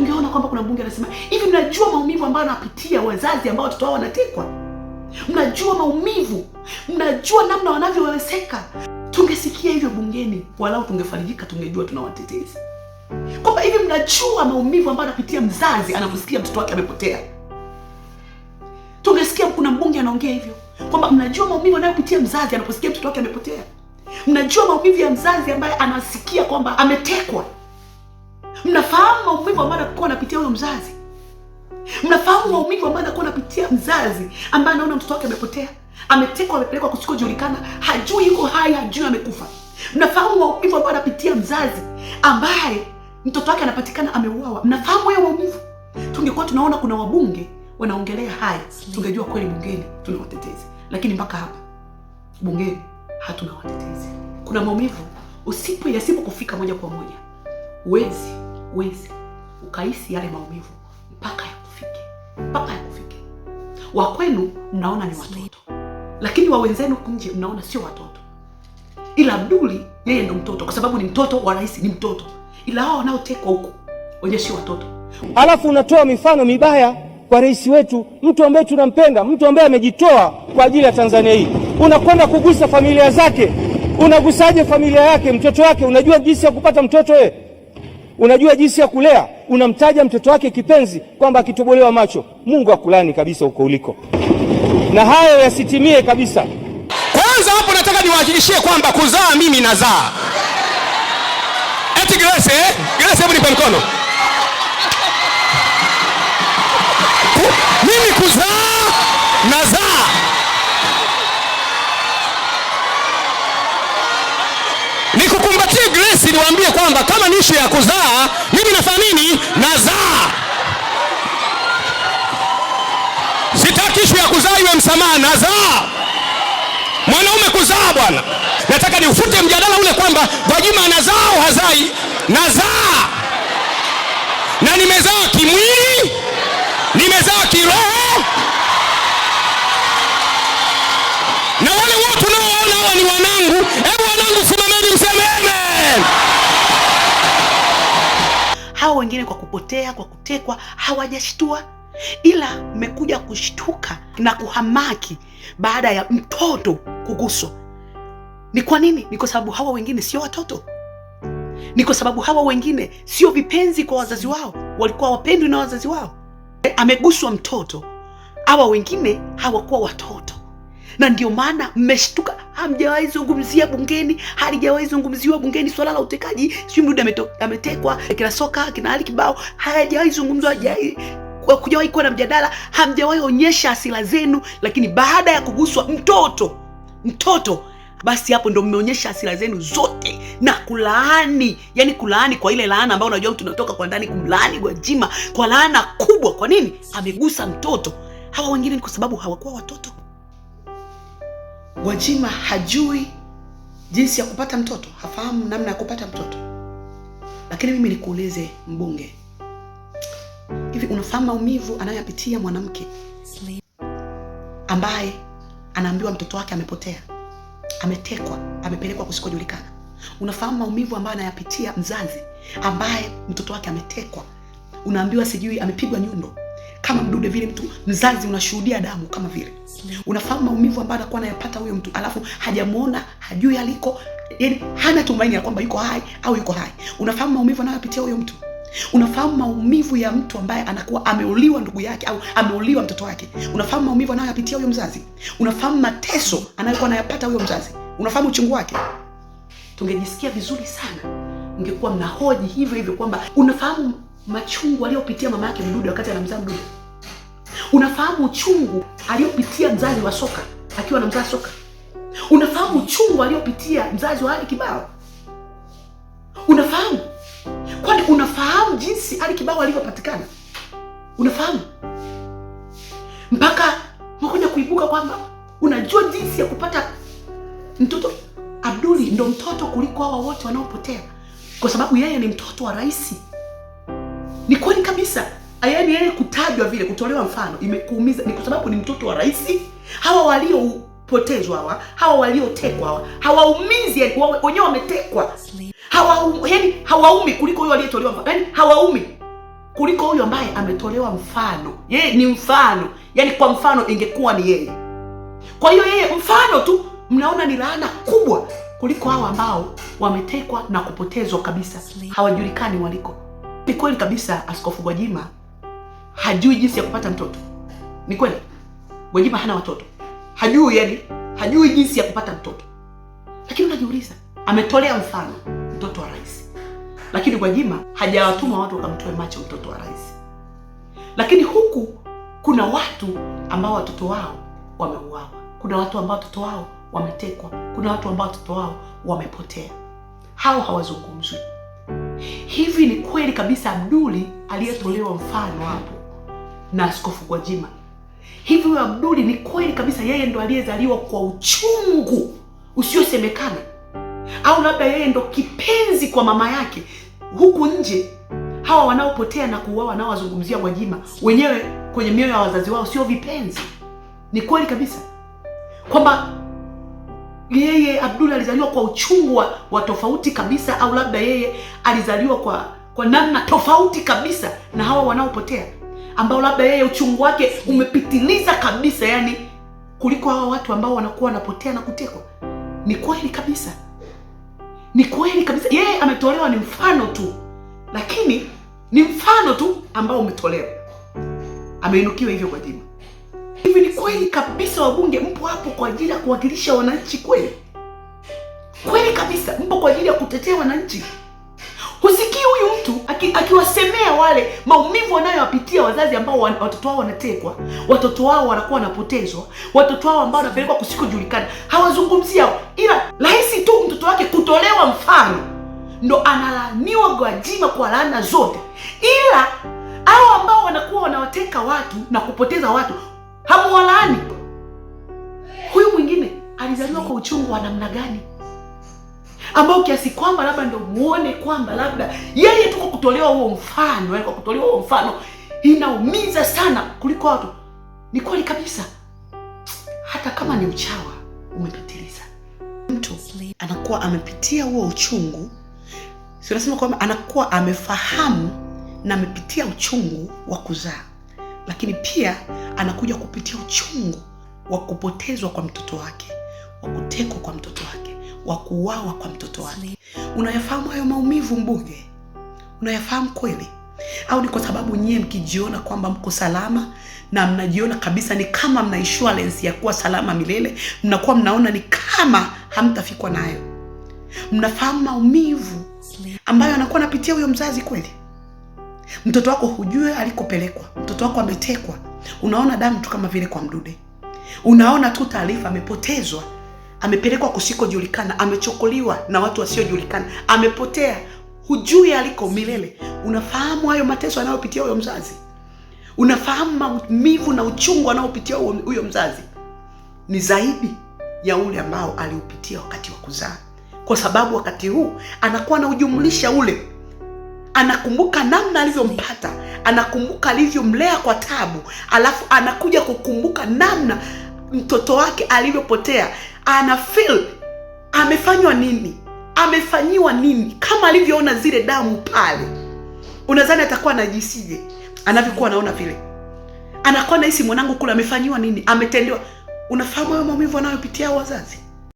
tungeona kwamba kuna mbunge anasema hivi. Mnajua maumivu ambayo anapitia wazazi ambao watoto wao wanatekwa? Mnajua maumivu, mnajua namna wanavyoweseka? Tungesikia hivyo bungeni, walau tungefarijika, tungejua tunawatetezi kwamba hivi. Mnajua maumivu ambayo anapitia mzazi anavyosikia mtoto wake amepotea? Tungesikia kuna mbunge anaongea hivyo kwamba mnajua maumivu anayopitia mzazi anaposikia mtoto wake amepotea. Mnajua maumivu ya mzazi ambaye anasikia kwamba ametekwa. Mnafahamu maumivu ambayo anakuwa anapitia huyo mzazi? Mnafahamu maumivu ambayo anakuwa anapitia mzazi ambaye anaona mtoto wake amepotea, ametekwa, amepelekwa kusikojulikana, hajui yuko hai, hajui amekufa. Mnafahamu maumivu ambayo anapitia mzazi ambaye mtoto wake anapatikana ameuawa. Mnafahamu hayo maumivu? Tungekuwa tunaona kuna wabunge wanaongelea haya, tungejua kweli bungeni tuna watetezi, lakini mpaka hapa bungeni hatuna watetezi. Kuna maumivu usipo yasipo kufika moja kwa moja huwezi uwezi ukahisi yale maumivu mpaka yakufike, mpaka yakufike. Wa kwenu mnaona ni watoto, lakini wa wenzenu nje mnaona sio watoto, ila Abduli yeye ndo mtoto, kwa sababu ni mtoto wa rais, ni mtoto, ila hao wanaotekwa huko wenye sio watoto. Alafu unatoa mifano mibaya kwa rais wetu, mtu ambaye tunampenda, mtu ambaye amejitoa kwa ajili ya Tanzania hii. Unakwenda kugusa familia zake, unagusaje familia yake, mtoto wake? Unajua jinsi ya kupata mtoto wewe? Unajua jinsi ya kulea, unamtaja mtoto wake kipenzi kwamba akitobolewa macho Mungu akulani kabisa huko uliko, na hayo yasitimie kabisa. Kwanza hapo nataka niwahakikishie kwamba kuzaa mimi nazaa, eti Grace, eh? Grace, hebu nipe mkono. Mimi kuzaa nazaa, nikukumbatie Grace, niwaambie kwamba kama ni ishu ya kuzaa, mimi nafanya nini? Nazaa. Sitaki ishu ya kuzaa iwe msamaha, nazaa. Mwanaume kuzaa, bwana, nataka niufute mjadala ule kwamba Gwajima anazaa au hazai. Nazaa na nimezaa kimwili, nimezaa kiroho wengine kwa kupotea, kwa kutekwa, hawajashtua ila mmekuja kushtuka na kuhamaki baada ya mtoto kuguswa. Ni kwa nini? Ni kwa sababu hawa wengine sio watoto, ni kwa sababu hawa wengine sio vipenzi kwa wazazi wao, walikuwa wapendwi na wazazi wao. Ameguswa mtoto, hawa wengine hawakuwa watoto, na ndio maana mmeshtuka hamjawahi zungumzia bungeni, halijawahi zungumziwa bungeni swala la utekaji. Sijui mdudu ametekwa, kina Soka, kina hali Kibao, hayajawahi zungumzwa kujawahi kuwa na mjadala, hamjawahi onyesha hasira zenu, lakini baada ya kuguswa mtoto mtoto, basi hapo ndo mmeonyesha hasira zenu zote na kulaani, yani kulaani kwa ile laana ambayo unajua mtu unatoka kwa ndani kumlaani Gwajima kwa laana kubwa. Kwa nini amegusa mtoto? Hawa wengine ni kwa sababu hawakuwa watoto. Gwajima hajui jinsi ya kupata mtoto, hafahamu namna ya kupata mtoto. Lakini mimi nikuulize mbunge, hivi unafahamu maumivu anayoyapitia mwanamke ambaye anaambiwa mtoto wake amepotea, ametekwa, amepelekwa kusikojulikana? Unafahamu maumivu ambayo anayapitia mzazi ambaye mtoto wake ametekwa, unaambiwa sijui amepigwa nyundo kama mdude vile, mtu mzazi unashuhudia damu kama vile, unafahamu maumivu ambayo anakuwa anayapata huyo mtu, alafu hajamuona, hajui aliko, yani hana tumaini ya kwamba yuko hai au yuko hai. Unafahamu maumivu anayopitia huyo mtu, unafahamu maumivu ya mtu ambaye anakuwa ameuliwa ndugu yake au ameuliwa mtoto wake, unafahamu maumivu anayoyapitia huyo mzazi, unafahamu mateso anayokuwa anayapata huyo mzazi, unafahamu uchungu wake. Tungejisikia vizuri sana, ungekuwa mnahoji hivyo hivyo kwamba unafahamu machungu aliyopitia mama yake Mdude wakati anamzaa Mdude. Unafahamu uchungu aliyopitia mzazi wa Soka akiwa anamzaa Soka? Unafahamu uchungu aliyopitia mzazi wa Ali Kibao? Unafahamu? Kwani unafahamu jinsi Ali Kibao alivyopatikana? Unafahamu? Mpaka mkoja kuibuka kwamba unajua jinsi ya kupata mtoto. Abduli ndo mtoto kuliko hawa wote wanaopotea, kwa sababu yeye ni mtoto wa rais ni kweli kabisa. Yaani yeye kutajwa vile, kutolewa mfano imekuumiza, ni kwa sababu ni mtoto wa rais. Hawa waliopotezwa hawa, hawa waliotekwa hawa, hawaumizi yaani wenyewe wametekwa. Hawa yani hawaumi kuliko huyo aliyetolewa mfano. Yaani hawaumi kuliko huyo ambaye ametolewa mfano. Yeye ni mfano. Yaani kwa mfano ingekuwa ni yeye. Kwa hiyo yeye mfano tu mnaona ni laana kubwa kuliko hawa ambao wametekwa na kupotezwa kabisa, hawajulikani waliko. Ni kweli kabisa Askofu Gwajima hajui jinsi ya kupata mtoto. Ni kweli Gwajima hana watoto, hajui yani, hajui jinsi ya kupata mtoto. Lakini unajiuliza, ametolea mfano mtoto wa rais, lakini Gwajima hajawatuma watu wakamtoe macho mtoto wa rais. Lakini huku kuna watu ambao watoto wao wameuawa, kuna watu ambao watoto wao wametekwa, kuna watu ambao watoto wao wamepotea. Hao hawazungumzwi. Hivi ni kweli kabisa Abduli aliyetolewa mfano hapo na Askofu Gwajima, hivi huyo Abduli ni kweli kabisa yeye ndo aliyezaliwa kwa uchungu usiosemekana, au labda yeye ndo kipenzi kwa mama yake? Huku nje hawa wanaopotea na kuuawa wanaowazungumzia Gwajima, wenyewe kwenye mioyo ya wazazi wao sio vipenzi. Ni kweli kabisa kwamba yeye Abdul alizaliwa kwa uchungu wa tofauti kabisa, au labda yeye alizaliwa kwa kwa namna tofauti kabisa na hawa wanaopotea, ambao labda yeye uchungu wake umepitiliza kabisa, yani kuliko hawa watu ambao wanakuwa wanapotea na kutekwa. Ni kweli kabisa, ni kweli kabisa. Yeye ametolewa ni mfano tu, lakini ni mfano tu ambao umetolewa, ameinukiwa hivyo kwa jina Hivi ni kweli kabisa wabunge mpo hapo kwa ajili ya kuwakilisha wananchi kweli? Kweli kabisa mpo kwa ajili ya kutetea wananchi? Husikii huyu mtu akiwasemea aki wale maumivu wanayowapitia wazazi ambao watoto wao wanatekwa, watoto wao wanakuwa wanapotezwa, watoto wao ambao wanapelekwa kusikojulikana, hawazungumzi hao, ila rahisi tu mtoto wake kutolewa mfano ndo analaniwa Gwajima kwa laana zote, ila hao ambao wanakuwa wanawateka watu na kupoteza watu hamuwalaani? Huyu mwingine alizaliwa kwa uchungu wa namna gani, ambao kiasi kwamba labda ndio muone kwamba labda yeye tu kwa kutolewa huo mfano, yani eh, kwa kutolewa huo mfano inaumiza sana kuliko watu. Ni kweli kabisa, hata kama ni uchawa umepitiliza, mtu anakuwa amepitia huo uchungu, si unasema kwamba anakuwa amefahamu na amepitia uchungu wa kuzaa lakini pia anakuja kupitia uchungu wa kupotezwa kwa mtoto wake, wa kutekwa kwa mtoto wake, wa kuuawa kwa mtoto wake. Unayafahamu hayo maumivu, mbunge? Unayafahamu kweli? Au ni kwa sababu nyie mkijiona kwamba mko salama na mnajiona kabisa ni kama mna insurance ya kuwa salama milele, mnakuwa mnaona ni kama hamtafikwa nayo? Mnafahamu maumivu ambayo anakuwa anapitia huyo mzazi kweli? Mtoto wako hujue alikopelekwa, mtoto wako ametekwa. Unaona damu tu kama vile kwa mdude, unaona tu taarifa, amepotezwa, amepelekwa kusikojulikana, amechukuliwa na watu wasiojulikana, amepotea, hujui aliko milele. Unafahamu hayo mateso anayopitia huyo mzazi, unafahamu maumivu na uchungu anaopitia huyo mzazi, ni zaidi ya ule ambao aliupitia wakati wa kuzaa, kwa sababu wakati huu anakuwa anaujumlisha ule anakumbuka namna alivyompata, anakumbuka alivyomlea kwa tabu, alafu anakuja kukumbuka namna mtoto wake alivyopotea. Ana feel amefanywa nini, amefanyiwa nini. Kama alivyoona zile damu pale, unadhani atakuwa anajisije anavyokuwa anaona vile? Anakuwa nahisi mwanangu kule amefanyiwa nini, ametendewa. Unafahamu hayo maumivu anayopitia wazazi.